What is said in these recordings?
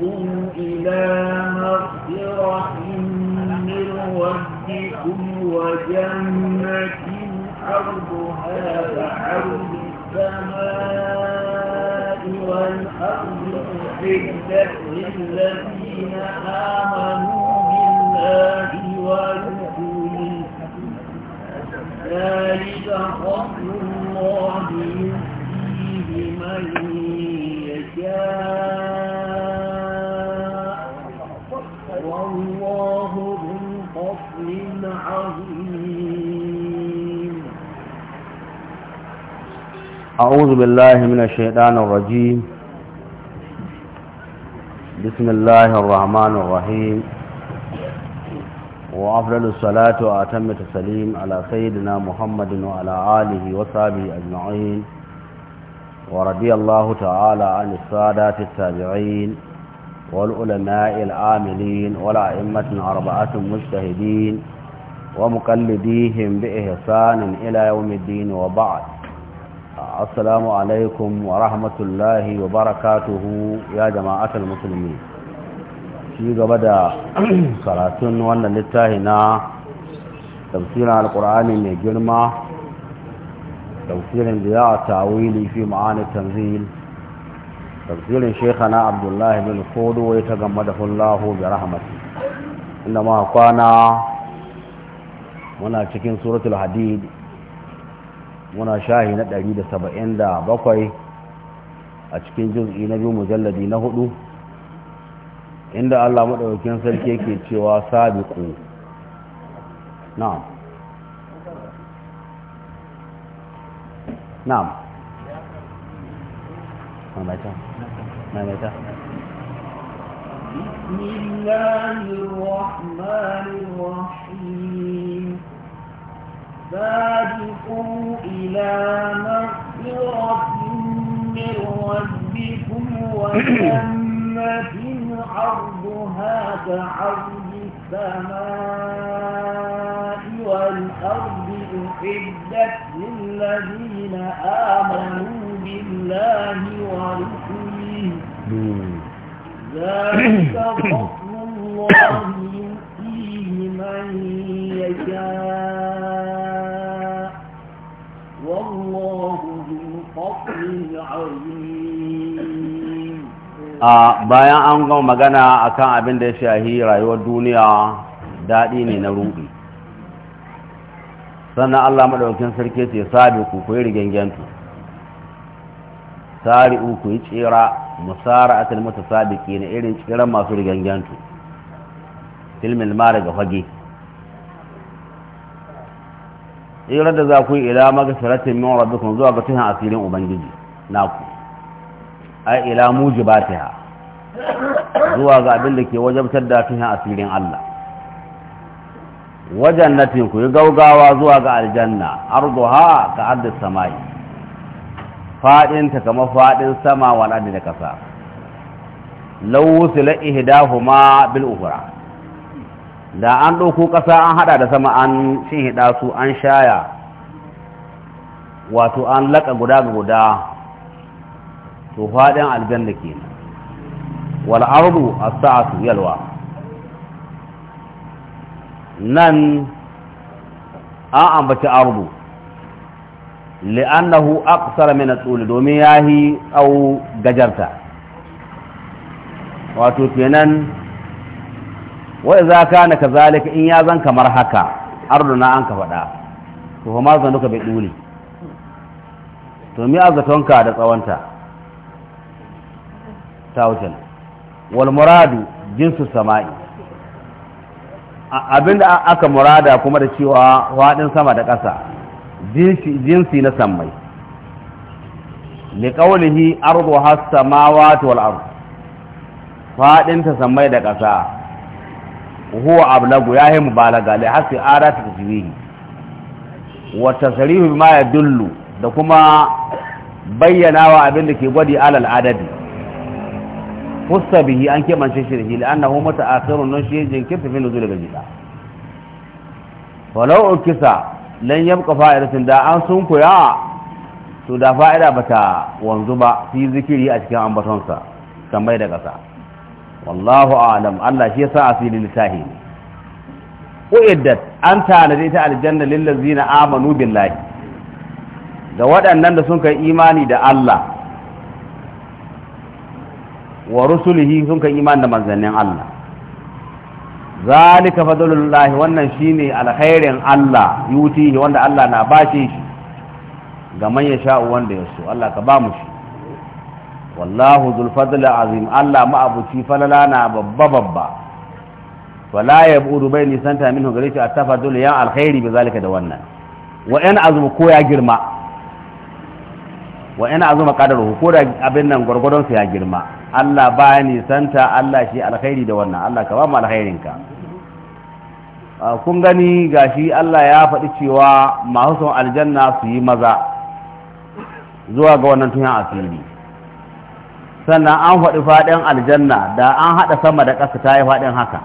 بكم إلى مغفرة من ربكم وجنة أرضها كأرض السماء والأرض أحدت للذين آمنوا بالله ورسله ذلك فضل الله أعوذ بالله من الشيطان الرجيم بسم الله الرحمن الرحيم وأفضل الصلاة وأتم التسليم على سيدنا محمد وعلى آله وصحبه أجمعين ورضي الله تعالى عن السادات التابعين والعلماء العاملين والأئمة الأربعة المجتهدين ومقلديهم بإحسان إلى يوم الدين وبعد السلام عليكم ورحمة الله وبركاته يا جماعة المسلمين في قبدا صلاة وانا لتاهنا تفسير على القرآن من جرمة تفسير انبياء التعويل في معاني التنزيل تفسير شيخنا عبد الله بن فود ويتغمده الله برحمته إنما كان muna cikin suratul hadid muna shahi na 177 a cikin juz'i na biyu mujalladi na hudu inda Allah maɗaukin sarki yake cewa sabiqu na'am na'am maimaita maimaita بسم الله الرحمن الرحيم سابقوا إلى مغفرة من ربكم وجنة عرضها كعرض السماء والأرض أحدت للذين آمنوا بالله ورسله ذلك فضل الله يؤتيه من يشاء a bayan an gama magana akan abin da ya shahi rayuwar duniya daɗi ne na ruɗi sannan allah maɗaukin sarki ce sabi ku ku yi rigengentu tsari uku yi tsira musara atal sabi ke na irin tsiran masu rigengentu filmin mara ga fage tsirar da za ku yi ila magasiratin min rabbikum zuwa ga tuhin asirin ubangiji naku ai ila mujibatiha zuwa ga abin da ke wajabtar da fihin asirin Allah wajen natin ku yi gaugawa zuwa ga aljanna arduha ka addis samai fadin ta kama fadin sama wani ardi da kasa law wusila ihdahuma bil ukhra da an ɗauko ƙasa an haɗa da sama an shinhiɗa su an shaya wato an laka guda guda to faɗin aljanna ke nan. wal ardu as-sa'atu yalwa nan an ambaci ardu li'annahu aqsara min at-tul domin yahi au gajarta wato kenan wa idza kana kazalika in ya zan kamar haka ardu na an ka faɗa to ma zanuka bai dole to mi azatonka da tsawonta thousand wal muradu jinsu sama'i abinda aka murada kuma da cewa waɗin sama da ƙasa jinsi na sammai liƙaunihi arzu hassa mawatu wal arzu faɗinta sammai da ƙasa huwa ablagu ya yi mubalaga da hasi ara ta tasirihi wata sarihu ma ya dullu da kuma bayyana wa abin da ke gwadi alal adadi fusta bihi an kebance shi da hili annahu muta'akhirun nan shi jinkirta fi nuzul gajida walau ukisa lan yabqa fa'idatun da an sun kuya to da fa'ida bata wanzu ba fi zikiri a cikin ambatonsa tambayi da kasa wallahu a'lam Allah shi yasa asili lisahi uiddat an tanade ta aljanna lil ladzina amanu billahi da waɗannan da sun kai imani da Allah wa rusulihi sun kan iman da manzannin Allah zalika fadlullahi wannan shine alkhairin Allah yutihi wanda Allah na bashi shi ga man yasha wanda ya so Allah ka ba mu shi wallahu dhul fadli azim Allah ma abuci falala na babba babba wala yabudu bai nisanta minhu gare shi atafadul ya alkhairi bi zalika da wannan wa in azum ko ya girma wa in azuma qadaruhu ko da abin nan gurgurdon sa ya girma Allah ba ni santa Allah shi alkhairi da wannan Allah ka ba mu alkhairinka kun gani gashi Allah ya faɗi cewa masu son aljanna su yi maza zuwa ga wannan tuyan asiri sannan an faɗi faɗin aljanna da an haɗa sama da ƙasa ta yi faɗin haka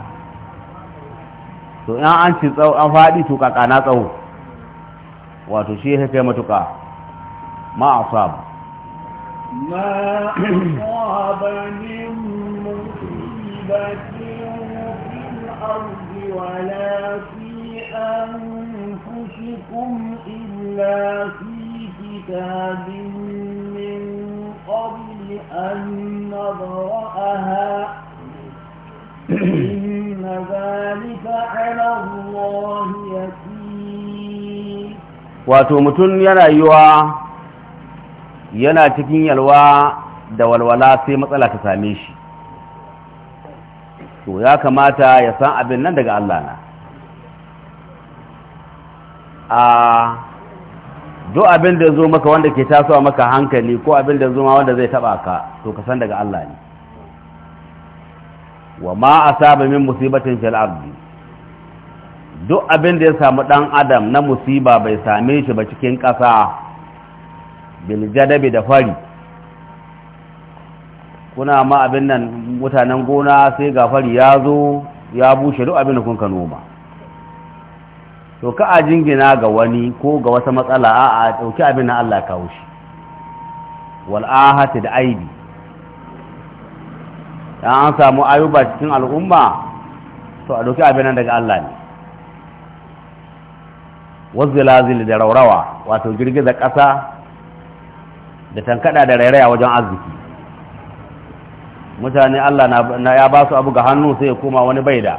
to in an ci tsawo an faɗi tuƙaƙa na tsawo wato shi ya kai matuƙa ma ما أصاب من مصيبة في الأرض ولا في أنفسكم إلا في كتاب من قبل أن نبرأها إن ذلك على الله يسير وتمتن يرى yana cikin yalwa da walwala sai matsala ta same shi to ya kamata ya san abin nan daga Allah na a duk abin da zo maka wanda ke tasowa maka hankali ko abin da zo ma wanda zai taba ka to ka san daga Allah ne wa ma asaba min musibatin fil ardi duk abin da ya samu dan adam na musiba bai same shi ba cikin kasa. biljadabi da fari kuna ma abin nan mutanen gona sai ga fari ya zo ya bushe duk abin da kun ka noma to ka a jingina ga wani ko ga wata matsala a a dauki abin na Allah kawo shi wal'ahati da aibi dan an samu ayuba cikin al'umma to a dauki abin nan daga Allah ne wasu da raurawa wato girgiza ƙasa da tankada da rairaya wajen arziki mutane Allah na ya ba su abu ga hannu sai ya koma wani baida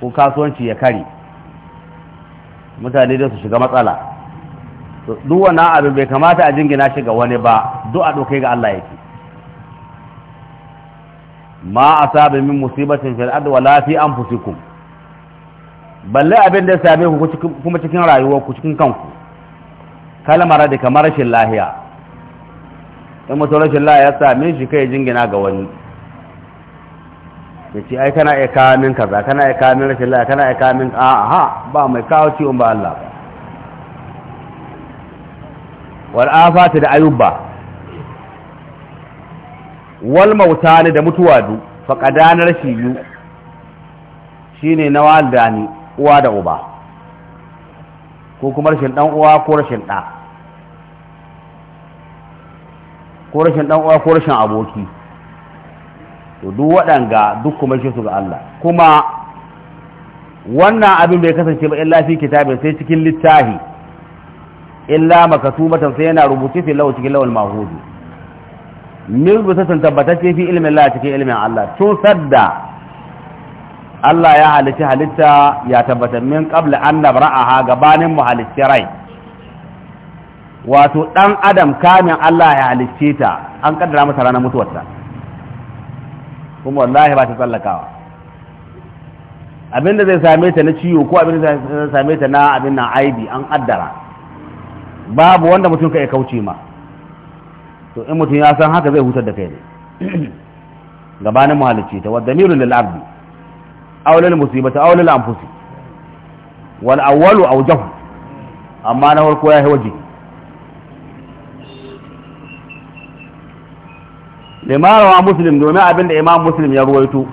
ko kasuwanci ya kare mutane da su shiga matsala duk wani abin bai kamata a jingina shi ga wani ba duk a dokai ga Allah yake ma a sabi min musibatin fil adu wala fi anfusikum balle abin da ya same ku kuma cikin rayuwar ku cikin kanku kalmar da kamar rashin lahiya in mutum rashin lahiya ya min shi kai jingina ga wani ya ce ai kana iya kawo min kaza kana iya kawo min rashin lahiya kana iya kawo min aha ba mai kawo ciwon ba Allah ba wal afati da Ayuba wal mautani da mutuwa du faqadana shi yu shine na walidani uwa da uba ko kuma rashin dan uwa ko rashin da ko rashin dan uwa ko rashin aboki to duk waɗanga duk kuma shi su ga Allah kuma wannan abin bai kasance ba illa fi kitabin sai cikin littafi illa makatubatan sai yana rubuce fi lawa cikin lawal mahudi mirbutatan tabbatacce fi ilmin Allah cikin ilmin Allah tun sadda Allah ya halitta halitta ya tabbatar min qabla an nabra'aha gabanin mu halitta rai wato ɗan adam kamin Allah ya halicce ta an kaddara masa ranar mutuwarta kuma wallahi ba ta tsallakawa abinda zai same ta na ciwo ko abinda zai same ta na abin na aibi an kaddara babu wanda mutum ka iya kauce ma to in mutum ya san haka zai hutar da kai ne gabanin halicce ta wadda lil ardi aulil musibata aulil anfusi wal awwalu awjahu amma na farko ya yi wajibi limarawa muslim domin abin da imam muslim ya ruwaito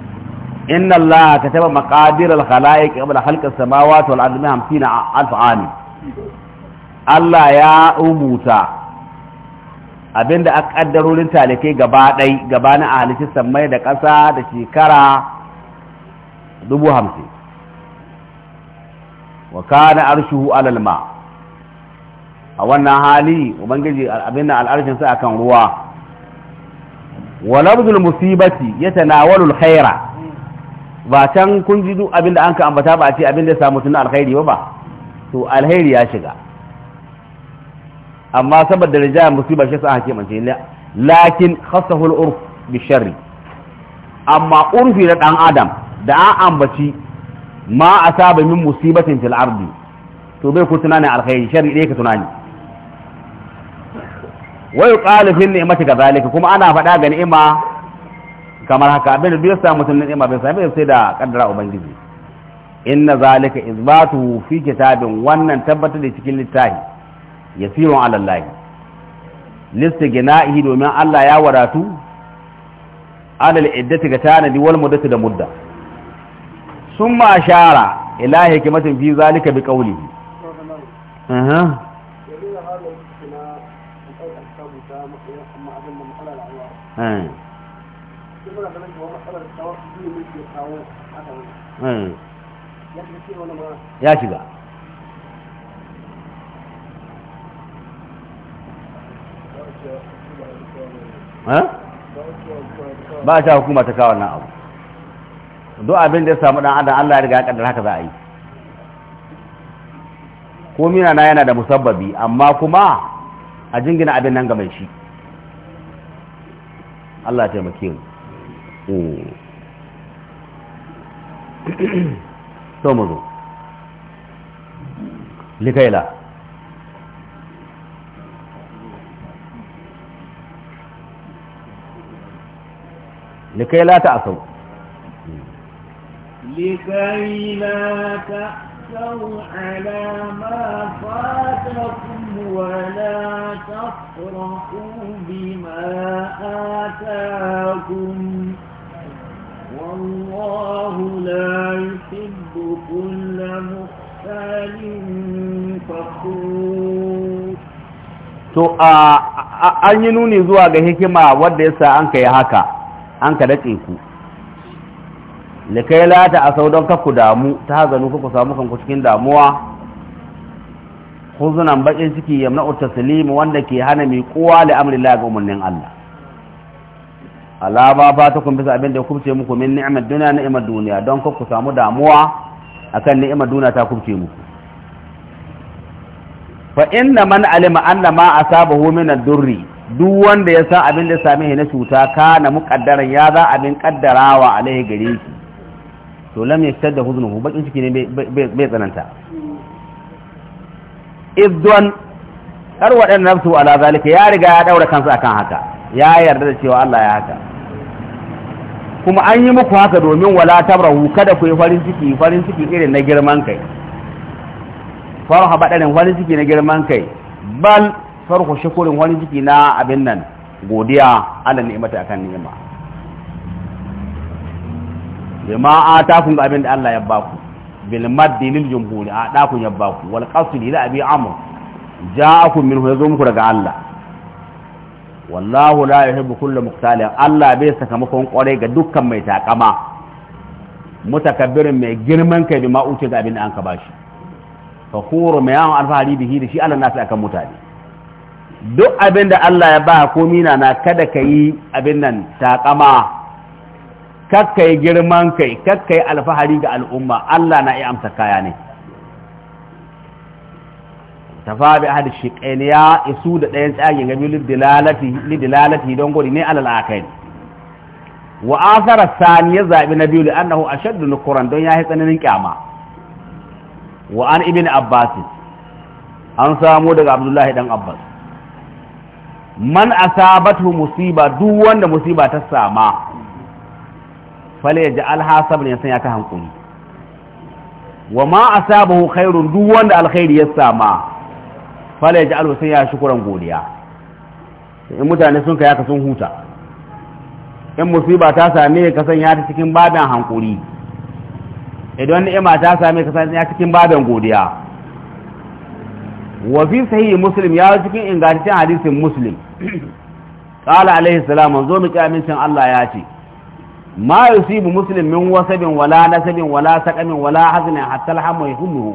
inna allaha kataba maqadir al-khalaiq qabla khalqi as-samawati wal ardi 50 alf amin Allah ya rubuta abinda a kaddarorin talikai gaba ɗai gabanin a halittar sammai da ƙasa da shekara dubu hamsin wa kana arshuhu alal ma a wannan hali ubangiji abin da al'arshin sa akan ruwa wa lafzul musibati yatanawalu alkhaira ba can kun ji duk abinda an ka ambata ba a ce abinda ya samu tun alkhairi ba ba to alkhairi ya shiga amma saboda rijaya musiba shi sa ake mance lakin khassahu al-urf bi sharri amma urfi na dan adam da an ambaci ma asaba min musibatin fil ardi to bai ku tunani alkhairi sharri dai ka tunani wa yuqalu mace ga zalika kuma ana faɗa ga ni'ima kamar haka abin da duk sa mutum ni'ima bai sami sai da kaddara ubangiji inna zalika izbatu fi kitabin wannan tabbatar da cikin littafi yasirun ala Allah listigna'ihi domin Allah ya wadatu alal iddati ga tanadi wal muddati da mudda summa ashara ila hikmatin fi zalika bi qawlihi Eh. Eh. ya shiga eh? ba a sha hukuma ta kawo nan abu duk abin da ya samu dan adam Allah ya riga ya kaddara haka za a yi ko mina na yana da musabbabi amma kuma a jingina abin nan ga mai shi Allah taimake mu hmm. so mu zo likaila likaila ta asau likaila ta تأسوا على ما فاتكم ولا تفرحوا بما آتاكم والله لا يحب كل مختال فخور to a an yi nuni zuwa ga hikima wadda yasa an ka yi haka an ka daɗe ku likai la ta asau don ku damu ta hazanu ku samu kanku cikin damuwa huzunan bakin ciki yamna'u taslim wanda ke hana mi kowa da amrillah ga umarnin Allah alama ba ta kun bisa abin da kubce muku min ni'mat duniya ni'mat duniya don ku samu damuwa akan ni'mat duniya ta kubce muku fa inna man alima anna ma asabahu min ad-durri duk wanda ya san abin da same shi na cuta kana muqaddaran ya za abin kaddarawa alaihi gare shi to lam da huznuhu bakin ciki ne bai tsananta idan har waɗanda nafsu ala zalika ya riga ya daura kansa akan haka ya yarda da cewa Allah ya haka kuma an yi muku haka domin wala tabrahu kada ku yi farin ciki farin ciki irin na girman kai farha badarin farin ciki na girman kai bal farhu shukurin farin ciki na abin nan godiya ala ni'imata akan ni'ima bima atakum ga abin da Allah ya baku bil maddi lil jumhuri a dakun ya baku wal qasdi ila abi amr ja'akum min yazo muku daga Allah wallahu la yuhibbu kull muqtalin Allah bai saka sakamakon kwarai ga dukkan mai takama mutakabbirin mai girman kai bima uce ga abin da an ka bashi fakuru mai yawan alfahari bihi da shi Allah na nasu akan mutane duk abin da Allah ya ba komina na kada ka yi abin nan takama yi girman kai yi alfahari ga al'umma Allah na iya amsa kaya ne Ta bi ahad shiqaini isu da ɗayan tsagen ga biyu lidilalati don gori ne alal akai wa athara sani ya zaɓi na biyu annahu ashaddu nukuran don ya yi tsananin kyama wa an ibn abbas an samu daga abdullahi dan abbas man asabatu musiba duk wanda musiba ta sama falai ji alhasab ne ya sanya ta hankuli wa ma asabahu khairun duk wanda alkhairi ya sama falai ji alhu sai ya shukuran godiya in mutane sun kai haka sun huta in musiba ta same ka ya ta cikin badan hankuri idan ni'ima ta same ka ya cikin badan godiya wa fi sahihi muslim ya cikin ingantaccen hadisin muslim qala alaihi salam manzo mu kiyamincin Allah ya ce ما يصيب مسلم من وسب ولا نسب ولا سقم ولا حزن حتى الحم يهمه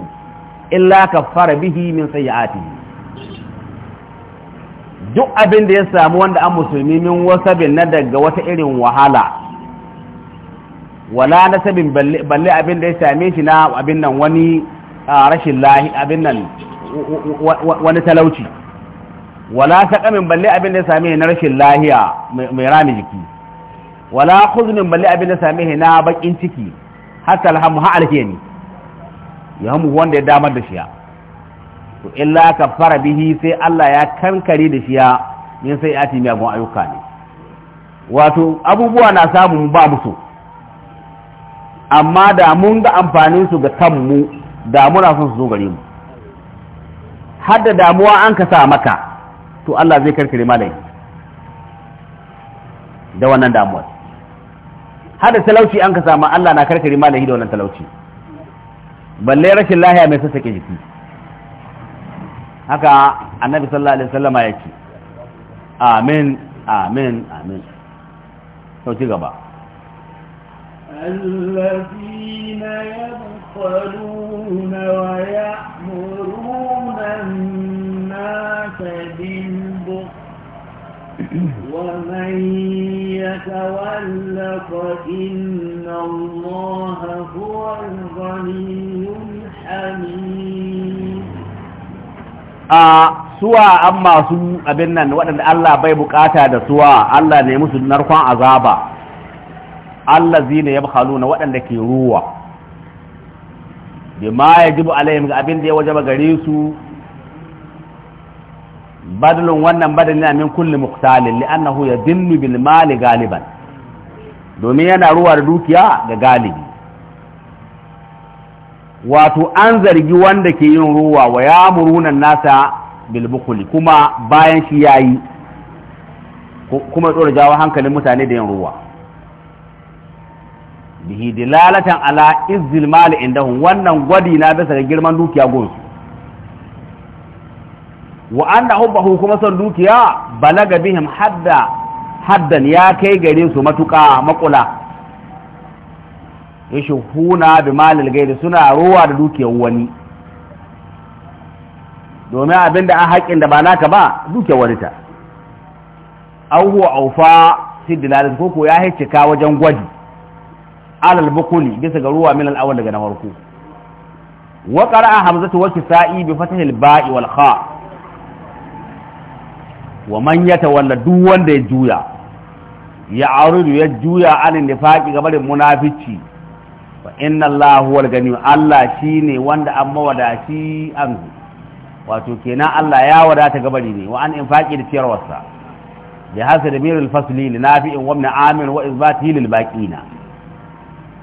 إلا كفر به من سيئاته duk abin da ya samu wanda an musulmi min wasabin na daga wata irin wahala wala nasabin balle abin da ya same shi na abin nan wani rashin lahi abin nan wani talauci wala sakamin balle abin da ya same na rashin lahiya mai rami jiki wala huzunin balle abin da same shi na bakin ciki hatta alhamu ha alheri ya hamu wanda ya damar da shiya to illa kafara bihi sai Allah ya kankare da shiya ne sai ati miyagun ayyuka ne wato abubuwa na samun ba so amma da mun ga amfanin su ga kanmu da muna son su zo gare mu har da damuwa an ka sa maka to Allah zai karkare malai da wannan damuwar hada talauci an ka samu Allah na karkare malahi da wannan talauci balle rashin lahiya mai sassake jiki haka annabi sallallahu alaihi wasallama yake amin amin amin sauci gaba الذين يبخلون ويأمرون الناس بالبخل ومن يتول فإن الله هو masu abin nan waɗanda Allah bai buƙata da suwa Allah ne musu narkon azaba Allah zina ya na waɗanda ke ruwa bima ya jibu alayhim ga abin da ya wajaba gare su badalun wannan badalin na min kulle muqtalin li'annahu ya bil mali galiban domin yana ruwa da dukiya da galibi wato an zargi wanda ke yin ruwa wa ya murunan nasa bil kuma bayan shi yayi kuma tsoro jawo hankalin mutane da yin ruwa bihi dilalatan ala izzil mali indahum wannan gwadi na bisa ga girman dukiya gonsu Wa'anda anna kuma son dukiya balaga bihim hadda haddan ya kai gare su matuƙa makula yashhuna bi malil gairi suna ruwa da dukiyar wani domin abinda an haƙin da ba naka ba dukiyar wani ta auhu aufa awfa koko ya haicika wajen gwaji alal bukuli bisa ga ruwa min al daga na farko wa qara'a hamzatu wa kisa'i bi fathil ba'i wal kha' wa man yatawalla duk wanda ya juya ya auridu ya juya anin nifaqi ga barin munafici fa inna allahu huwal gani Allah shine wanda an mawadaci an wato kenan Allah ya wadata gabari ne wa an infaqi da ciyarwarsa bi hasa da mirul fasli li nafi'in wa ibn amir wa izbatihi lil baqina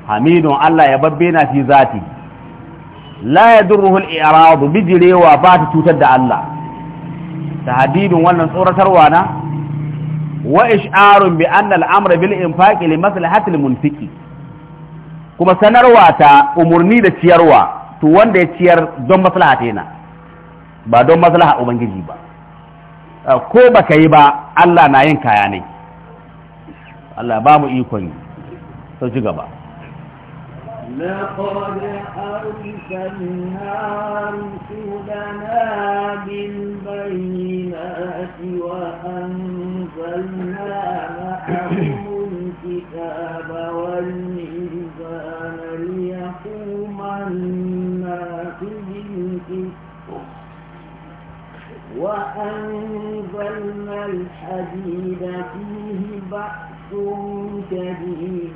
hamidun Allah ya na fi zati la yadurruhu al i'rad bijirewa ba ta cutar da Allah tahdidun wannan tsoratarwa na wa ish'arun bi anna amra bil infaqi li maslahati al-munfiqi kuma sanarwa ta umurni da ciyarwa to wanda ya ciyar don maslaha ta ba don maslaha ubangiji ba ko baka yi ba Allah na yin kaya ne Allah ba mu ikon sau ci gaba لقد أرسلنا رسلنا بالبينات وأنزلنا معهم الكتاب والميزان ليقوم الناس بالقسط وأنزلنا الحديد فيه بأس لكم كبير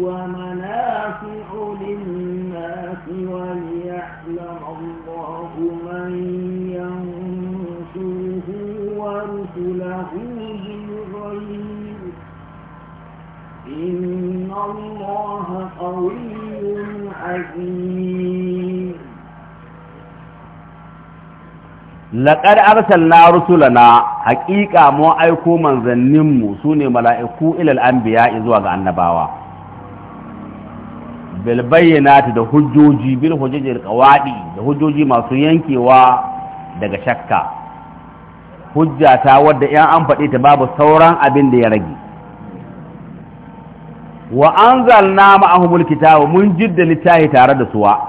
ومنافع للناس وليعلم الله من ينصره ورسله بالغيب إن الله قوي عزيز laƙar arsal na rusulana haƙiƙa mu aiko manzanninmu su ne mala'iku ilal an biya zuwa ga annabawa bil bayyanati da hujjoji bil da qawaɗi da hujjoji masu yankewa daga shakka hujja ta wadda yan an faɗi ta babu sauran abin da ya rage wa anzalna ma'ahumul kitaba mun jidda littafi tare da suwa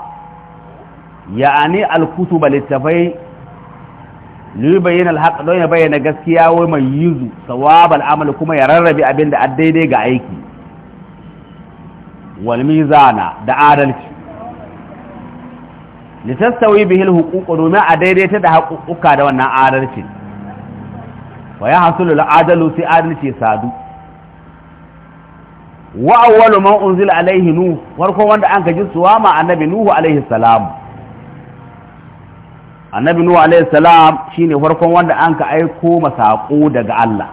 ya'ani al-kutuba littafai liyubayyana alhaq don ya bayyana gaskiya wai mai yuzu sawabal amal kuma ya rarrabe abin da daidai ga aiki wal mizana da adalci litastawi bihi alhuquq domin a daidaita da haƙuƙuka da wannan adalci wa ya hasulu al'adalu sai adalci sadu wa awwalu man unzila alayhi nuh farko wanda an gaji ji ma annabi nuhu alaihi salam annabi nuhu alayhi salam shine farkon wanda an ka aiko masako daga Allah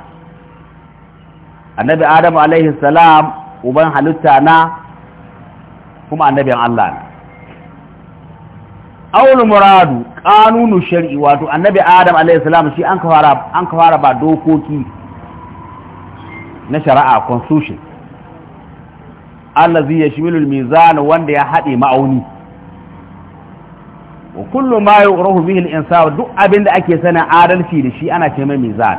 annabi adamu alayhi salam uban halitta na kuma annabin Allah ne aul muradu kanunu shar'i wato annabi adam alayhi salam shi an ka fara an ka fara ba dokoki na shari'a constitution allazi yashmilu al-mizan wanda ya hade ma'auni wa kullu ma yughrahu bihi al-insan duk abinda ake sana adalci da shi ana ce mai mizan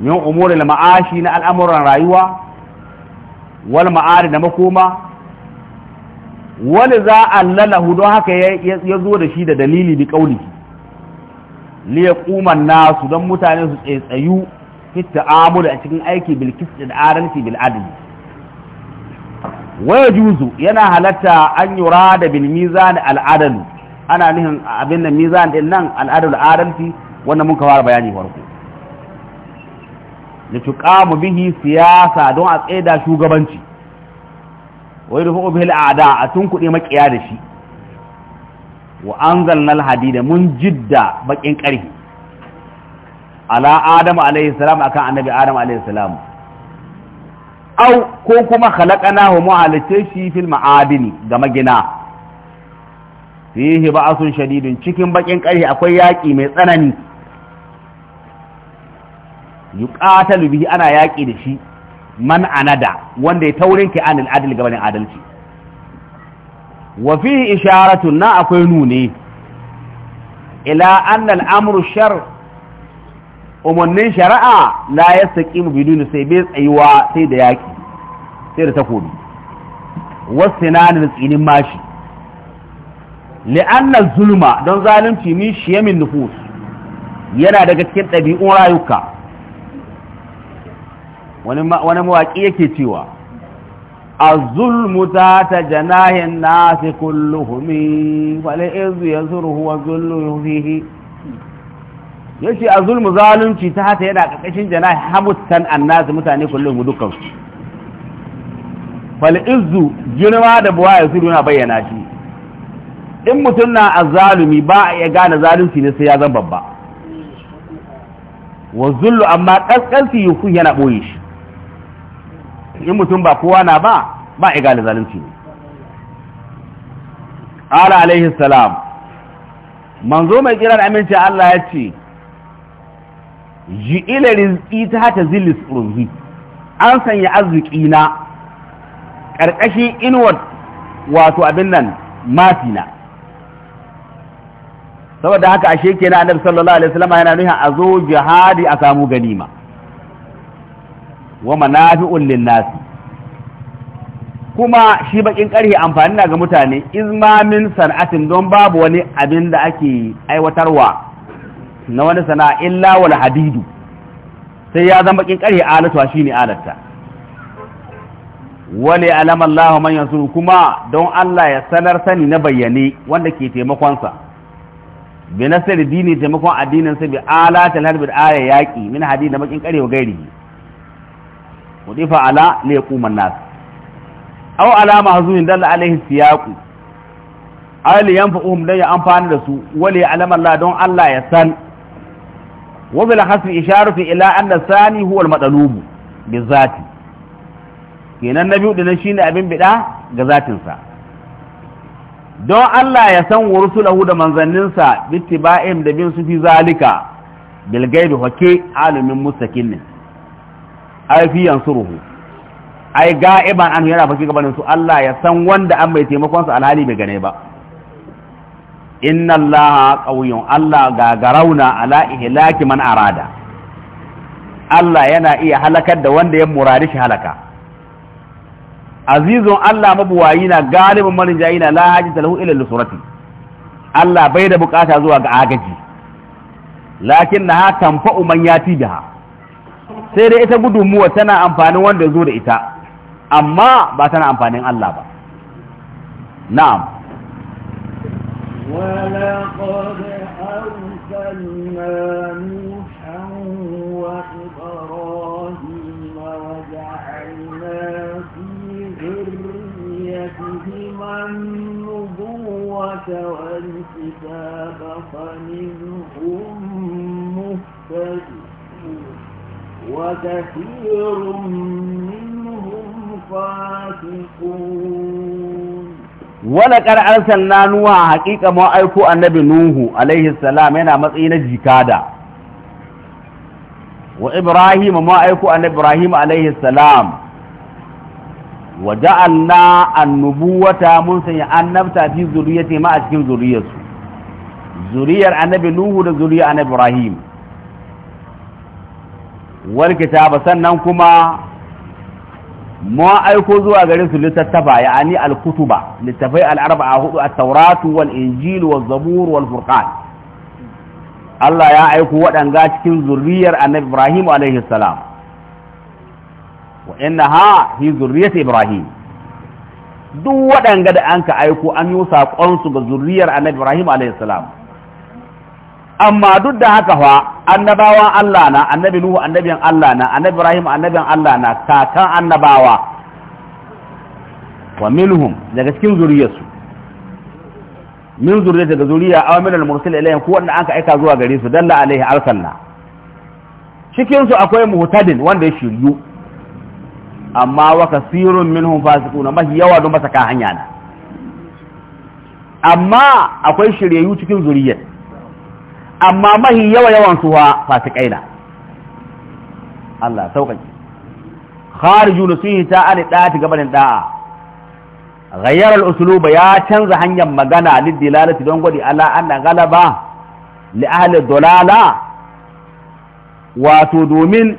min umuri maashi na al'amuran rayuwa wal ma'ari da makoma wani za a lalahu don haka ya zo da shi da dalili bi kauli li yaquma nasu don mutane su tsayu fi ta'amuli a cikin aiki bil qist da adalci bil adl wa yajuzu yana halatta an yurada bil mizan al adl ana nihin abin nan mizan din nan al'adul adalci wanda mun fara bayani farko da tuqamu bihi siyasa don a tsaida shugabanci wai yurfu bihi al'ada a tun kuɗi makiya da shi wa anzalna al-hadida mun jidda bakin ƙarfi ala adam alayhi salam akan annabi adam alayhi salam au ko kuma khalaqanahu mu shi fil ma'adini ga magina fihi ba'asun shadidun cikin bakin ƙarfi akwai yaƙi mai tsanani yuqatalu bihi ana yaƙi da shi man anada wanda ya taurin ki anil adil gabanin adalci wa fihi isharatun na akwai nune ila anna al-amru shar umarnin shari'a la yastaqimu bidun sai bai tsayuwa sai da yaƙi sai da takobi wasu tsinin mashi لأن zulma don zalunci min shiyamin nufus yana daga cikin ɗabi'un rayuka wani mawaƙi yake cewa a zulmu ta ta الناس كلهم فلئذ wale izu ya zurhu wa zullu a zulmu zalunci ta hata yana ƙarƙashin janahin Hamutan, annasi mutane dukkan dukansu Fal izu girma da buwa ya bayyana shi in mutum na a zalumi, ba a iya gane zalunci ne sai ya zan babba wa zullu amma yi yuku yana ɓoye shi in mutum ba kowa na ba ba a iya gane zalunci ne ala alaihi salam manzo mai kiran aminci Allah ya ce ji ila rizki ta hata zillis ruhi an sanya arziki na ƙarƙashin inward wato abin nan mafi na saboda haka ashe kenan annabi sallallahu alaihi wasallam yana nuna a zo jihadi a samu ganima wa manafi'un linnas kuma shi bakin karhe amfani na ga mutane izmamin san'atin don babu wani abin da ake aiwatarwa na wani sana'a illa wal hadidu sai ya zama bakin karhe alatwa shine alatta wale alama Allah man yansuru kuma don Allah ya sanar sani na bayyane wanda ke taimakonsa. sa bi nasar dini taimakon addinin sa bi alatal harbi da yaki min hadi da bakin karewa gairi mudifa ala li yaquma nas aw ala mahzun dalla alaihi siyaqu aw li yanfa'uhum da ya amfani da su wali alama Allah don Allah ya san wa bil hasbi isharatu ila anna sani huwa al madalubu zati kenan nabi din shine abin biɗa ga zatin don Allah ya san wa rusulahu da manzanninsa bittiba'im da bin sufi zalika bil gaibi hake alimin mustakin ne ai fi yansuruhu ai ga'iban an yana fake gabanin su Allah ya san wanda an bai taimakon su alhali bai gane ba inna Allah qawiyyun Allah gagarauna ala ihlaki man arada Allah yana iya halakar da wanda ya muradi shi halaka azizun Allah mabuwayi na galibin jayi na lahaji haji talahu Allah bai da bukata zuwa ga agaji lakin na tanfa'u man yati biha sai dai ita gudunmuwa tana amfanin wanda zo da ita amma ba tana amfanin Allah ba na'am ولقد أرسلنا النبوة والكتاب فمنهم مهتد وكثير منهم فاسقون ولقد أرسلنا نوح حقيقة ما أيكو النبي نوح عليه السلام أنا مطعين الجكادة وإبراهيم ما أيكو النبي إبراهيم عليه السلام wa ja'alna annubuwata mun sanya annabta fi zuriyati ma a cikin zuriyarsu zuriyar annabi nuhu da zuriyar annabi ibrahim wal kitaba sannan kuma mun aiko zuwa garin su littattafa ya'ani al-kutuba littafai al-arba'a hudu at-tauratu wal injil wal zabur wal furqan Allah ya aiko waɗanga cikin zuriyar annabi ibrahim alaihi salam wa ha hi zurriyat ibrahim duk waɗanga da an ka aiko an yi saƙonsu ga zurriyar annabi ibrahim alayhi salam amma duk da haka fa annabawan Allah na annabi Nuhu annabiyan Allah na annabi Ibrahim annabiyan Allah na kakan annabawa wa minhum daga cikin zuriyarsu min zuriyar daga zuriya aw al mursal ilayhi ko wanda an ka aika zuwa gare su dalla alaihi arsalna cikin su akwai muhtadin wanda ya shiryu amma wa kasirun minhum fasiquna mahi yawa don basa ka hanya na amma akwai shiryayu cikin zuriyar amma mahi yawa yawan suwa fasikai na Allah sauƙaƙi kharijun sun yi ta ani ta gabanin da'a ghayyar al-usluba ya canza hanyar magana dilalati don gwadi ala anna galaba li ahli dalala wato domin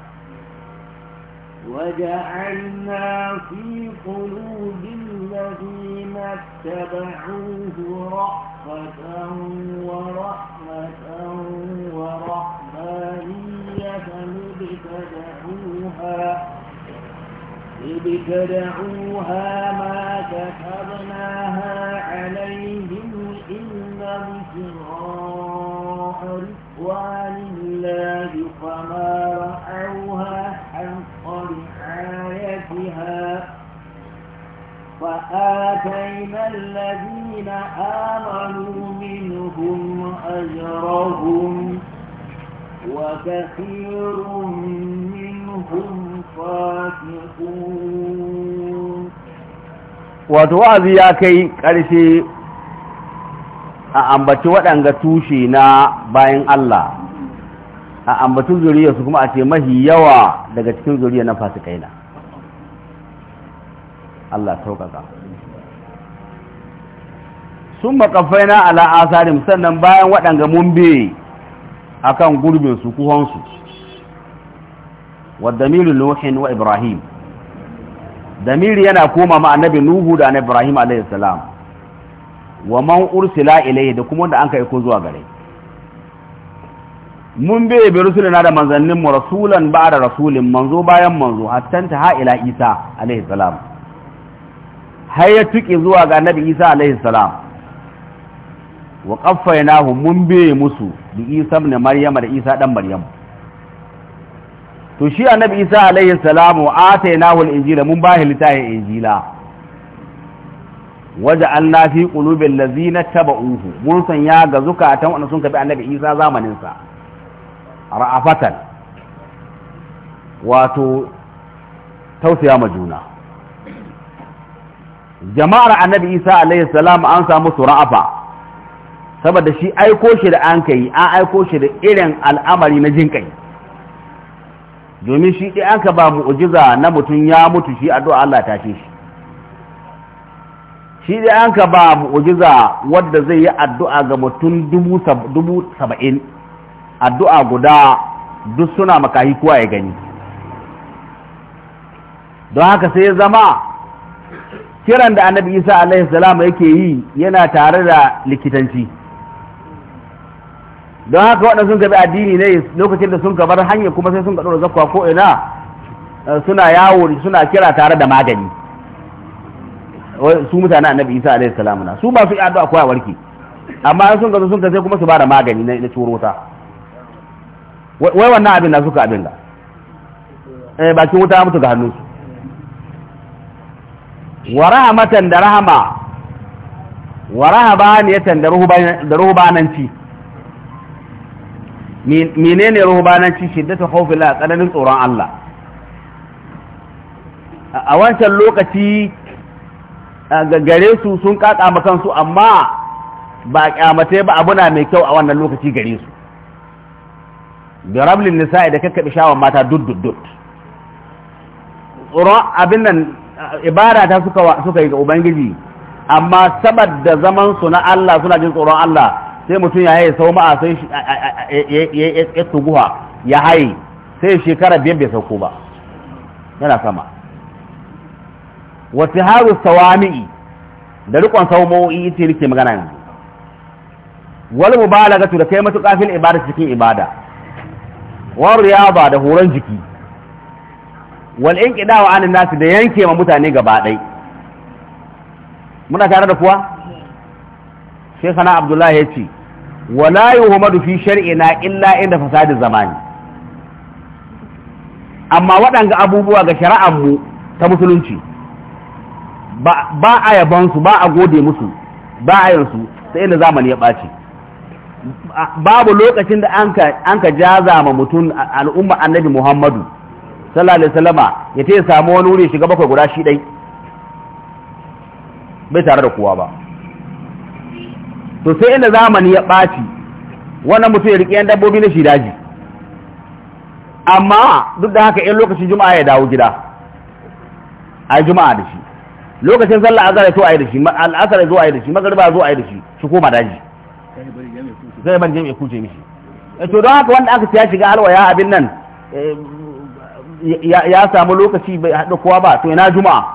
وجعلنا في قلوب الذين اتبعوه رحمة ورحمة ورحمانية ابتدعوها ابتدعوها ما كتبناها عليهم إلا ابتغاء رضوان الله فما آيتها فآتينا الذين آمنوا منهم أجرهم وكثير منهم فاسقون وتوازي يا كي قرشي a ambaci waɗanga tushe na bayan a ambatun zuriyar su kuma a ce mahi yawa daga cikin zuriya na fasikai na Allah sauƙaƙa sun makafai na ala'a sannan bayan waɗanga mun a kan gurbin su kuhonsu wadda milu nuhin wa ibrahim damiri yana koma ma annabi nuhu da annabi ibrahim a.s. wa man ursila ilai da kuma da an ka ko zuwa gare mun bai bi rusulina da manzannin mu rasulan ba da rasulin manzo bayan manzo hattanta ha ila isa alaihi salam har ya tuki zuwa ga annabi isa alaihi salam wa qaffainahu mun bai musu bi isa ibn maryama da isa dan maryam to shi annabi isa alaihi salam wa atainahu al-injila mun bahi litahin injila waje Allah fi ƙulubin lazina taba mun mun sanya ga zukatan wannan sun ka bi annabi isa zamaninsa ra'afatan wato tausaya ma juna jama'ar annabi isa alaihi salam an samu su ra'afa saboda shi aiko shi da an kai an aiko shi da irin al'amari na jin kai domin shi ɗi an ka ba mu'ujiza na mutum ya mutu shi addu'a Allah ta shi shi ɗi an ka ba mu'ujiza wadda zai yi addu'a ga mutum dubu saba'in addu'a guda duk suna makahi kowa ya gani don haka sai ya zama kiran da annabi isa alaihi salam yake yi yana tare da likitanci don haka waɗanda sun gabi addini ne lokacin da sun gabar hanya kuma sai sun ɗora zakwa ko ina eh, suna yawo suna kira tare da magani su mutane annabi isa alaihi salam na su ba su yi addu'a kowa warke amma sun gazo sun ka sai kuma su ba da magani na curo wai wannan abin na suka abin da eh bakin wuta mutu ga hannunsu wa rahamatan da rahama wa rahabaniyatan da ruhubananci menene ruhubananci shiddatu khawfi la tsananin tsoron Allah a wancan lokaci gare su sun kaka su amma ba kyamate ba abuna mai kyau a wannan lokaci gare su da rablin nisa'i da kakkaɓe shawar mata dududud. tsoron abin nan ibada ta suka yi ga ubangiji amma saboda zaman su na Allah suna jin tsoron Allah sai mutum ya haye sau ma'a sai ya tuguha ya haye sai shekara biyan bai sauko ba yana sama wasu haru sawami'i da rikon saumo'i ita nake magana yanzu wal mubalagatu da kai matuƙa ibada cikin ibada war riyaba da horon jiki wal inqida wa nasu da yanke ma mutane gaba dai muna tare da kuwa shekana abdullahi ya ce wala yuhamadu fi shar'ina illa inda fasadi zamani amma waɗanga abubuwa ga shari'ar mu ta musulunci ba a su ba a gode musu ba a yansu sai inda zamani ya ɓaci babu lokacin da an ka jaza ma mutum al'umma annabi Muhammadu sallallahu alaihi wasallama ya ce samu wani wuri shiga bakwai guda shi dai bai tare da kowa ba to sai inda zamani ya ɓaci wannan mutum ya riƙe yan dabbobi na shi daji amma duk da haka in lokacin juma'a ya dawo gida a yi juma'a da shi lokacin sallah azhar ya zo a yi da shi al'asar ya zo a yi da shi magriba zo a yi da shi shi koma daji zai ban jami'a kuje mishi eh, to don haka wanda aka ya shiga halwa ya abin nan eh, ya samu lokaci bai haɗu kowa ba to ina juma'a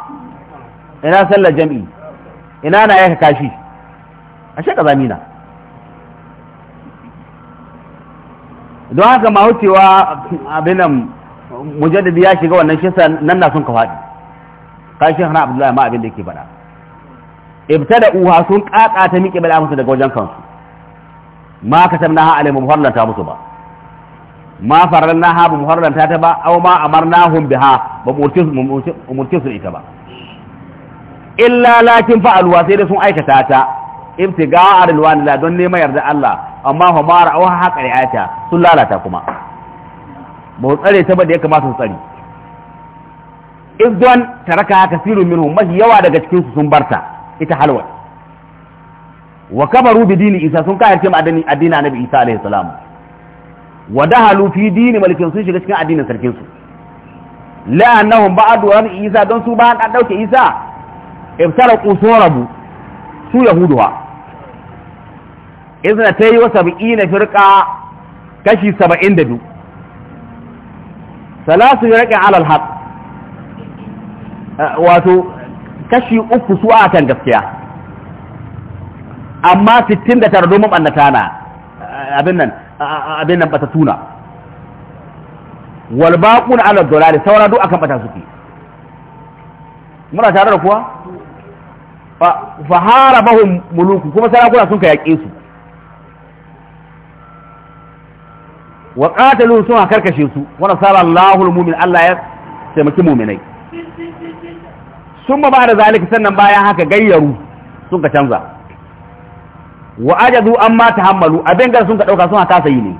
ina sallar jami'i ina na yaka kashi a shaka zamina don haka ma hucewa abin nan mujaddadi ya shiga wannan shi nan na sun ka faɗi kashi hana abdullahi ma abin da yake faɗa ibtada uha sun ƙaƙa ta miƙe bala musu daga wajen kansu ma katabnaha alaihim muharranta musu ba ma ha bi muharranta ta ba aw ma amarnahum biha ba umurce su ita ba illa lakin fa'alu sai da sun aikata ta ibtiga'a ridwan la don neman yarda Allah amma fa ma ra'aw haqa ri'ata sun lalata kuma ba tsare ta ba da ya kamata su tsare raka taraka kasirun minhum mafi yawa daga cikin su sun barta ita halwa wa kabaru bi dini isa sun kayarce ma addini addina nabi isa alaihi salam wa dahalu fi dini malikin sun shiga cikin addinin sarkin su la'annahum ba'du an isa don su ba an dauke isa ibtaraqu qusurabu su yahuduwa izna tayi wa sab'ina firqa kashi 72 salasu yarqa ala alhaq eh, wato kashi uku su akan gaskiya amma 69 domin ɓannata na abin nan abin nan bata tuna wal baquna ala dolari saura duk akan bata suke muna tare da kuwa fa harabahum muluku kuma sarakuna sun ka yaƙe su wa qatalu sun karkashe su wa nasara Allahul mu'min Allah ya taimaki mu'minai sun ba da zalika sannan bayan haka gayyaru sun ka canza wa ajadu ta Hammalu, abin gara sun ka ɗauka suna kasa yi ne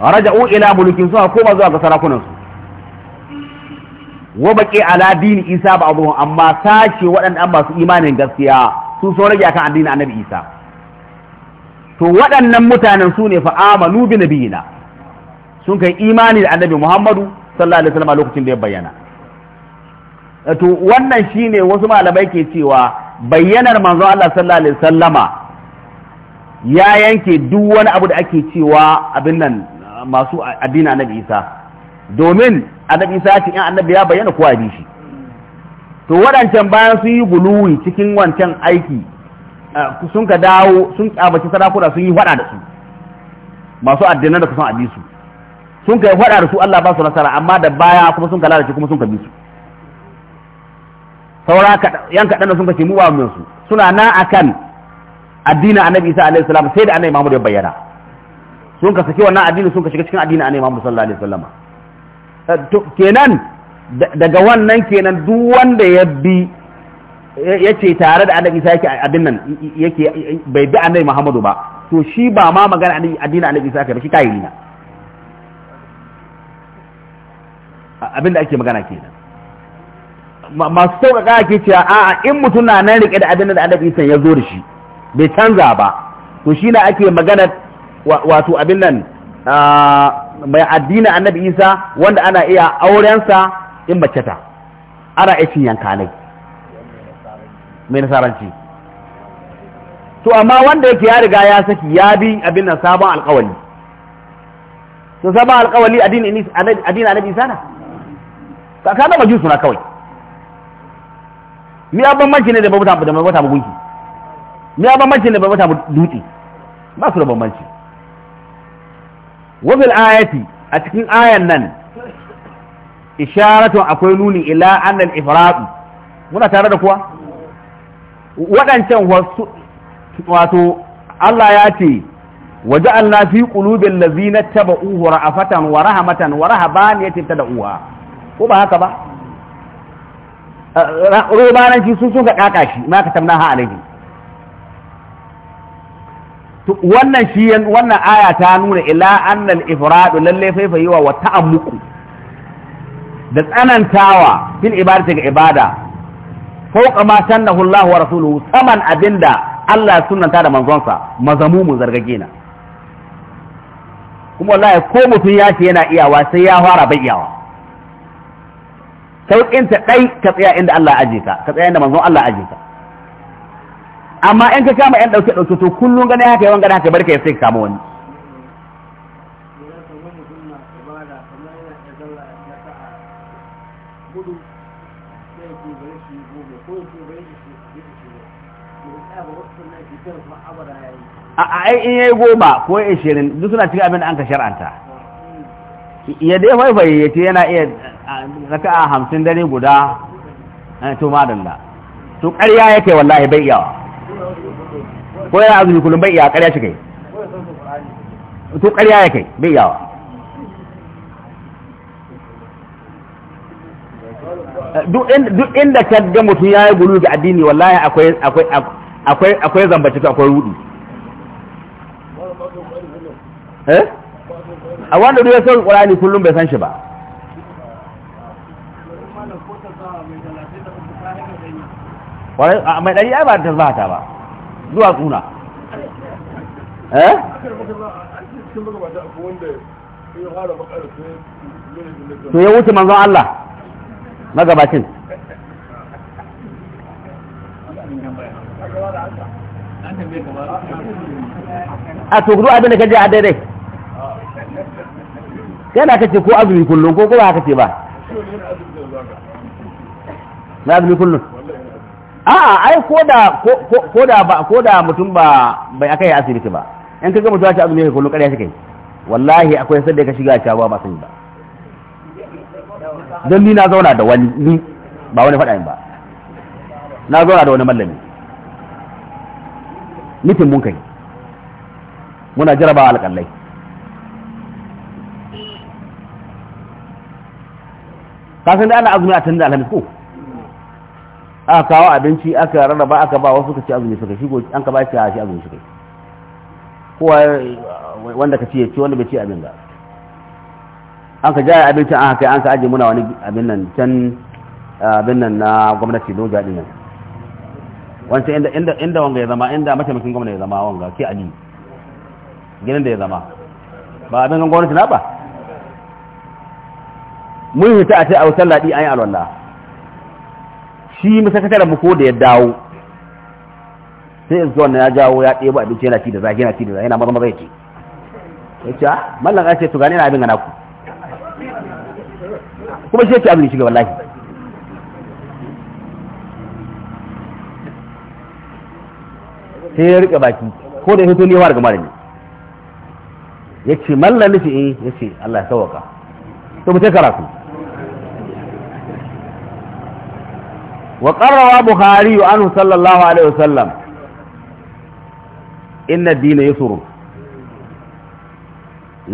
raja'u ila mulkin suna koma zuwa ga sarakunan su wa baqi ala dini isa abu amma waɗanda an masu imanin gaskiya su sun rage akan addinin annabi isa to waɗannan mutanen su ne fa bi nabiyina sun kai imani da annabi muhammadu sallallahu alaihi wasallam lokacin da ya bayyana to wannan shine wasu malamai ke cewa bayyanar manzon Allah sallallahu alaihi wasallama ya yanke duk wani abu da ake cewa abin nan masu addini annabi Isa domin annabi Isa ya ce in annabi ya bayyana kowa bi shi to waɗancan bayan sun yi guluwi cikin wancan aiki eh, sun ka dawo sun kyabaci sarakuna sun yi faɗa da su masu addinan da kusan abisu sun ka yi faɗa da su Allah ba su nasara amma da baya kuma sun ka lalace kuma sun ka bi su saura yan kaɗan da sun kace mu ba su suna na akan addinin annabi isa alaihi salam sai da annabi muhammad ya bayyana sun ka saki wannan addini sun ka shiga cikin addinin annabi muhammad sallallahu alaihi wasallam eh, kenan daga wannan kenan duk wanda ya bi ya ce tare da annabi isa yake abin nan yake bai bi annabi muhammadu ba to shi ba ma magana addinin annabi isa kai ba shi kayi na abin da ake magana kenan masu kaya ke cewa a'a in mutum na nan riƙe da abin da annabi isa ya zo da shi bai canza ba to shi na ake magana wato abin nan mai addinin annabi isa wanda ana iya aurensa in mace ta ana iya cinyan kanai mai nasaranci to amma wanda yake ya riga ya saki ya bi abin nan sabon alƙawali to sabon alƙawali addinin annabi isa na ka kana majusu na kawai me ya bambanci ne da bauta da bauta mu gunki me ya bambanci ne da bauta mu dutse ba su da bambanci wa fil ayati a cikin ayan nan isharatu akwai nuni ila annal ifrat muna tare da kuwa Waɗancan wasu wato Allah ya ce waja'alna fi qulubil ladzina tabauhu ra'afatan wa rahmatan wa rahabaniyatan tad'uha ko ba haka ba romananci sun suka kaka shi ma ka tamna ha alaihi wannan shi wannan aya ta nuna ila annal ifradu lalle faifayewa wa ta'ammuku da tsanantawa fil ibadati ga ibada fauka ma sannahu Allah wa rasuluhu saman abinda Allah sunanta da manzonsa mazamumun zargage kuma wallahi ko mutum ya ce yana iyawa sai ya fara bayyawa sauƙin ta ɗai ka tsaya inda Allah aje ka ka tsaya inda manzon Allah aje ka amma in ka kama yan ɗauke ɗauke, to kullum gane haka yawan gane haka barka ya sai ka kama wani a ai in yayi goma ko 20 duk suna cikin abin da an ka shar'anta ya dai faifaye yace yana iya raka'a hamsin dare guda eh, to madalla to ƙarya yake wallahi bai iyawa ko yana azumi kullum bai iyawa ƙarya shi kai to ƙarya yake bai iyawa duk inda ka ga mutum ya yi gulu ga addini wallahi akwai akwai akwai akwai zambaci akwai rudi eh a wanda duk ya san Qur'ani kullum bai san shi ba mai ɗari ai ba da tasbaha ta ba zuwa tsuna eh to ya wuce manzon Allah magabacin a to duk abin da kaje a daidai yana kace ko azumi kullum ko kuma haka ce ba na azumi kullum a'a ai ko da ba da mutum ba bai akai asibiti ba in kaga mutum ya ci azumi kullun ƙarya ya kai wallahi akwai da ka shiga ta ba sani ba don ni na zauna da wani ba wani fada ba na zauna da wani mallami mutum mun kai muna jaraba alƙallai kasan da ana azumi a tun da alhamis ko aka kawo abinci aka rarraba aka ba wasu ka ci azumi suka shi an ka ba shi a shi azumi suka kowa wanda ka ci ya ci wanda bai ci abin ba an ka jaya abincin an haka an ka aje muna wani abin nan can abin nan na gwamnati don jaɗi nan wancan inda inda inda wanga ya zama inda mataimakin gwamna ya zama wanga ke ali ginin da ya zama ba abin gwamnati na ba mun hita a ce a wutar laɗi an yi alwallah shi mu sakataren mu ko da ya dawo sai in zuwa ya jawo ya ɗebo abinci yana ci da zaki yana ci da zaki yana maza maza ya ce ah, ya ce mallan ai sai to gane na abin ganaku kuma shi ya ce abin shiga wallahi sai ya rike baki ko da ya fito ne wa daga malami ya ce mallan nufi eh ya ce Allah ya sauwaka to mu sai karatu وقرر بخاري عنه صلى الله عليه وسلم إن الدين يسر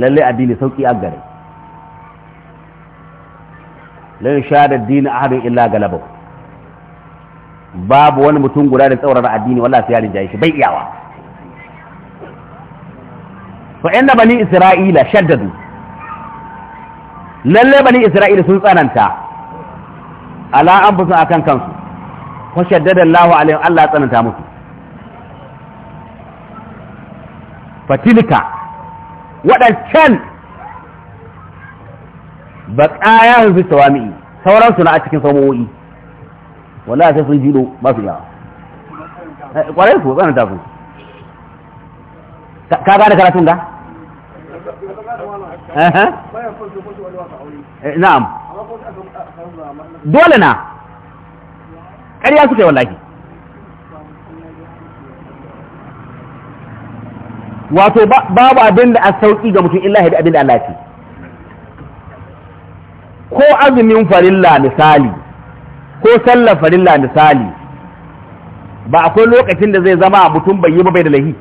للي الدين سوكي أقري لن شاد الدين أحد إلا قلبه babu wani mutum guda da tsaurara addini wallahi sai ya rinjaye bai iyawa fa inna bani isra'ila shaddadu lalle bani isra'ila sun tsananta ala kansu wa shaddada Allahu alaihim Allah tsananta musu fatilka waɗancan ba ƙaya fi tawami'i sauransu na a cikin samowoyi wala sai sun jido ba su yawa eh, ƙwarai ku tsananta su ka gane karatun da? Eh, na'am dole na ƙarya suka yi wallahi wato babu abin da a sauƙi ga mutum illa da abin da Allah ce ko azumin farilla misali ko sallar farilla misali ba akwai lokacin da zai zama mutum bai yi ba bai da lahi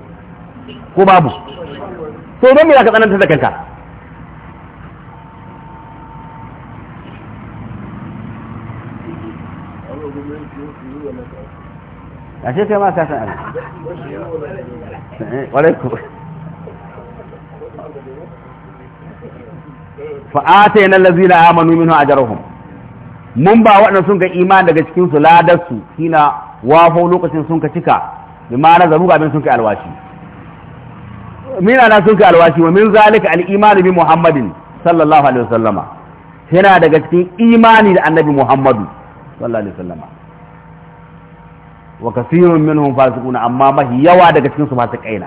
ko babu so don me ka tsananta da kanka ashe kai ma ka san abin eh, walaikum fa atayna allazina amanu minhu ajrahum mun ba waɗanda sun ga imani daga cikin su ladar su kina wafo lokacin sun ka cika bi ma na zaru gabin sun kai alwashi min na sun kai alwashi wa min zalika al-iman bi muhammadin sallallahu alaihi wasallama yana daga cikin imani da annabi muhammadu sallallahu alaihi wasallama وكثير منهم فاسقون أما ما هي وعدة كثير منهم فاسقين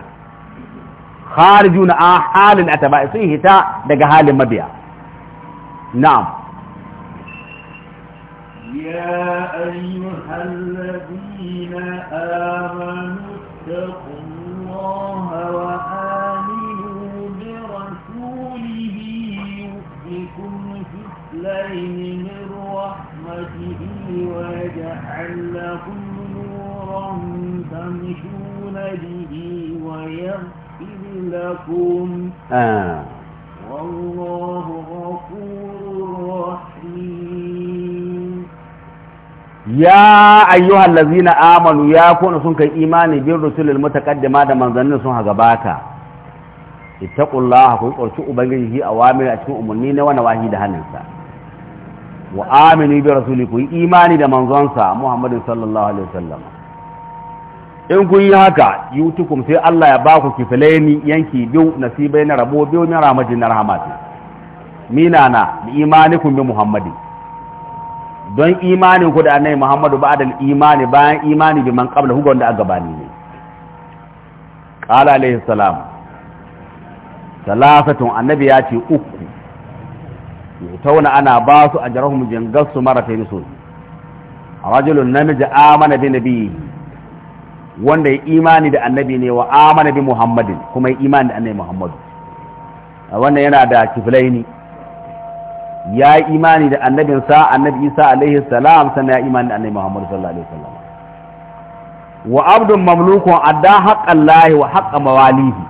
خارجون آحال الأتباع سيه تا دقها المبيع نعم يا أيها الذين آمنوا اتقوا الله وآمنوا برسوله يؤتكم سفلين من رحمته ويجعل لكم Ya ayyu halazi na amalu ya kona sun kai imani bin rusulun matakar da da manzannin sun haga ba ka, ita ƙulla ha kuwa ƙwarci ubangiji yi a cikin umarni na wani wahi da hannunsa. Wa aminu bin rasulun ku yi imani da manzonsa Muhammadu sallallahu in kun yi haka yutukum sai Allah ya ba ku kifilaini yanki biyu nasibai na rabo biyu na rahmatin na rahamati mina na imani kun bi muhammadi don imanin ku da annabi muhammadu ba da imani bayan imani bi man qabla hugon da aka bani ne qala alaihi salam salasatun annabi ya ce uku tauna ana ba su ajrahum jangasu maratayn su rajulun namiji amana bi nabiyyi wanda ya imani da annabi ne wa amana bi muhammadin kuma ya imani da annabi muhammadu wannan yana da kiflaini. ya yi imani da annabin sa annabi isa alaihi salam sannan ya yi imani da annabi muhammadu sallallahu alaihi wasallam wa abdun mamlukun adda haqqan lahi wa haqqa mawalihi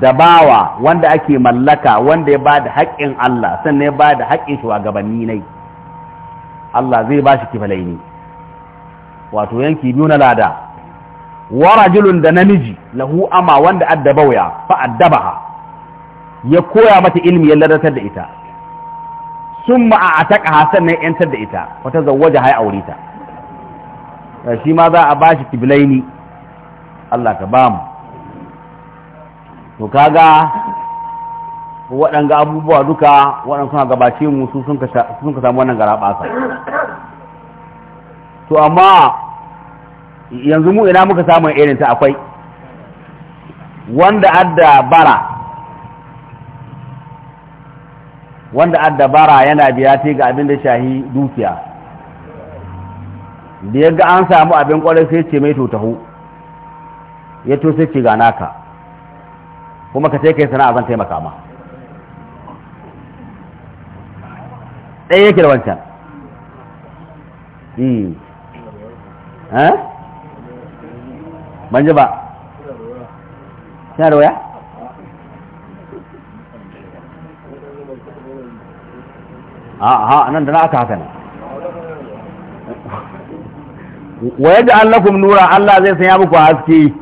da bawa wanda ake mallaka wanda ya ba da haƙƙin Allah sannan ya ba bada haƙƙin gabanni nai. Allah zai ba shi kifalaini wato yanki biyu na lada wa rajulun da namiji lahu ama wanda addaba waya fa addabaha ya koya mata ilmi ya ladatar da ita summa a ataqaha sannan yantar da ita fa tazawwaja hay aurita shi ma za a bashi kiblaini Allah ka bamu to kaga waɗanga abubuwa duka waɗanda suna gabace mu su sun ka samu wannan garaɓasa to amma yanzu mu ina muka samun irin ta akwai wanda adda bara wanda adda bara yana biya ta ga abin da shahi dukiya da ya ga an samu abin kwarai sai ce mai to taho ya to sai ce ga naka kuma ka kai sana'a zan taimaka ma ɗaya yake da wancan hmm. eh? ban ji ba suna da waya a nan da na aka haka ne wa an lakum nura Allah zai sanya muku haske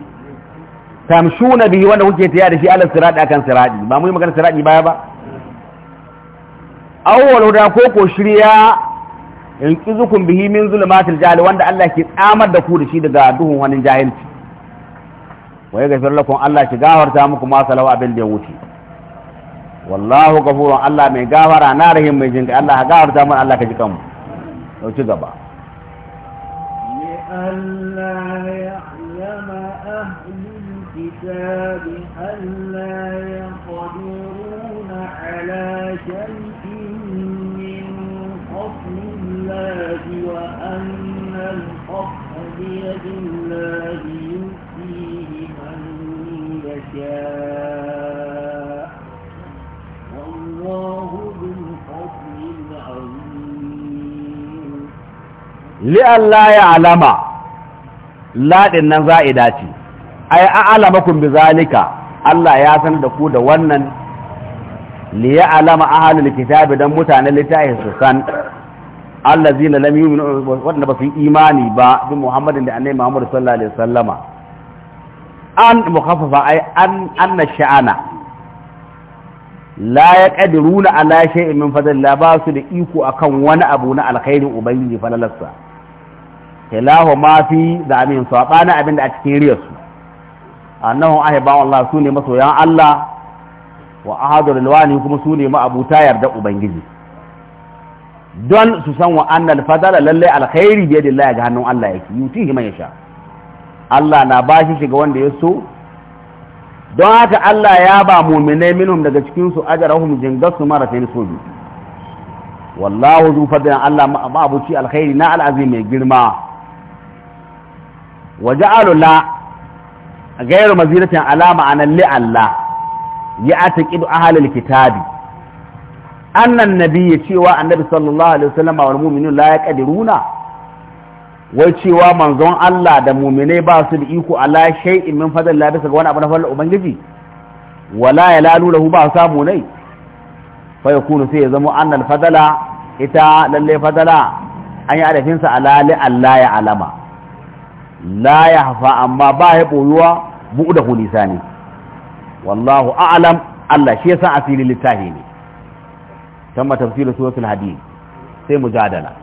tamshuna bihi wanda kuke tiya da shi ala sirati akan sirati ba mu yi magana sirati baya ba awwal huda ko ko shirya in kizukum bihi min zulumatil jahil wanda Allah ke tsamar da ku da shi daga duhun wani jahilci wa ya gafir lakum Allah ki gafarta muku ma salawa abin da ya wuce wallahu ghafurun Allah mai gafara na rahim mai jinka Allah gafarta mun Allah ka ji kanmu to ci gaba li alla ya'lama ahlul kitab alla yaqdiruna ala shay'in min qawli wa anna al-qawla bi يشاء والله ذو الفضل العظيم لئلا يعلم لا دنن زائدة ce ai bi zalika. Allah ya san da ku da wannan li ya'lama ahlul kitabi dan mutanen littafin su san allazina lam yu'minu wanda ba su imani ba bi Muhammadin da annabi Muhammad sallallahu alaihi wasallama an mukhaffafa ai an anna sha'ana la yaqdiruna ala shay'in min fadlillah ba su da iko akan wani abu na alkhairin ubangiji falalarsa kilahu ma fi zamin sabana abinda a cikin riyarsu annahu ba Allah sune masoyan Allah wa ahadul lawani kuma sune ma abuta yarda ubangiji don su san wa annal fadala lalle alkhairi bi yadillahi ga hannun Allah yake yutihi man yasha Allah na ba shiga wanda ya so don haka Allah ya ba muminai minhum daga cikin su ajrahum jingasu maratayn so biyu wallahu zu fadlan Allah ma abuci alkhairi na al'azim mai girma waja'alu la ghayru maziratin alama anan li Allah ya ataqidu ahlal kitabi annan nabiyyi cewa annabi sallallahu alaihi wasallam wal mu'minun la yaqdiruna wai cewa manzon Allah da muminai ba su da iko ala shay'in min fadlillah bisa ga wani abu na fadlan ubangiji wala yalalu lahu ba samu nai fa yakunu sai ya zama annal fadala ita lalle fadala an yi adafin sa ala li Allah ya alama la ya hafa amma ba ya boyuwa bu'da hulisani wallahu a'lam Allah shi yasa asirin littafi ne tamma tafsilu suratul hadid sai mujadala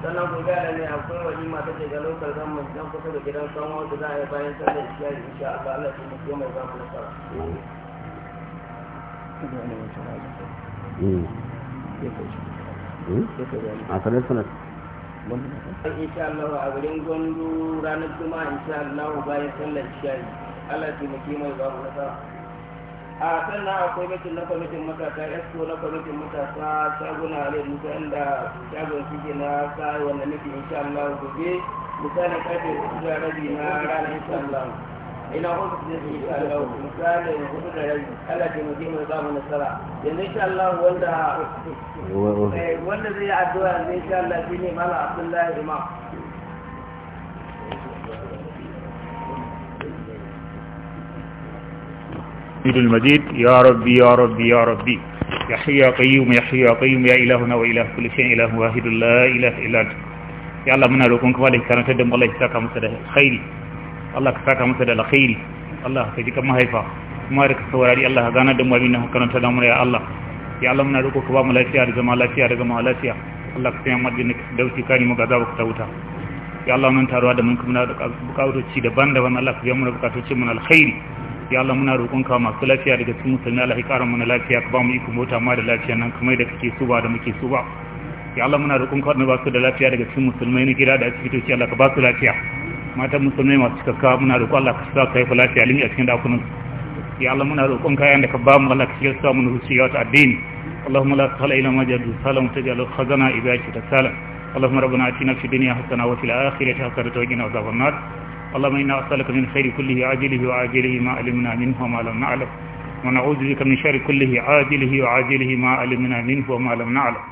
sannan ku gane ne akwai wani mata ce ga lokal zaman dan kusa da gidan sanwa da za a yi bayan sallar shi mutum mai zamu nasara hmm. a sanar sanar insha Allah a garin gondo ranar juma'a insha Allah bayan sallar isiyar Allah shi mai babu nasara a sannan akwai mutum na kwamitin matasa esco na kwamitin matasa shaguna alai musa inda shagon suke na kayi wanda nufi insha Allah gobe misali kafin hudu da rabi na ranar insha Allah ina ofis ne su insha Allah misalin hudu da rabi ala ke mu mu nasara yanzu insha Allah wanda eh, wanda zai yi addu'a yanzu insha Allah ne Malam Abdullahi Imam حميد المجيد يا ربي يا ربي يا ربي يا حي يا قيوم يا حي يا قيوم يا كل شيء واحد لا ya Allah muna roƙonka masu lafiya daga cikin musulmi Allah ya ƙara mana lafiya ka ba mu iko mota ma da lafiya nan kamar da kake su ba da muke su ba ya Allah muna roƙonka ba su da lafiya daga cikin musulmai na gida da asibitoci Allah ka ba su lafiya matan musulmai masu cikakka muna roƙon Allah ka sa ka haifa lafiya limi a cikin dakunan ya Allah muna roƙon ka yayin ka ba mu Allah ka shirya sa mu nuhuci ta addini اللهم لا سهل إلا ما جعلته سهلا وتجعل الخزن إذا شئت سهلا اللهم ربنا آتنا في الدنيا حسنة وفي الآخرة حسنة وقنا عذاب النار اللهم إنا أسألك من خير كله عاجله وعاجله ما علمنا منه وما لم نعلم ونعوذ بك من شر كله عاجله وعاجله ما علمنا منه وما لم نعلم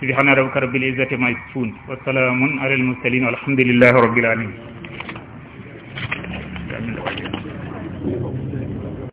سبحان ربك رب العزة ما يصفون والسلام على المرسلين والحمد لله رب العالمين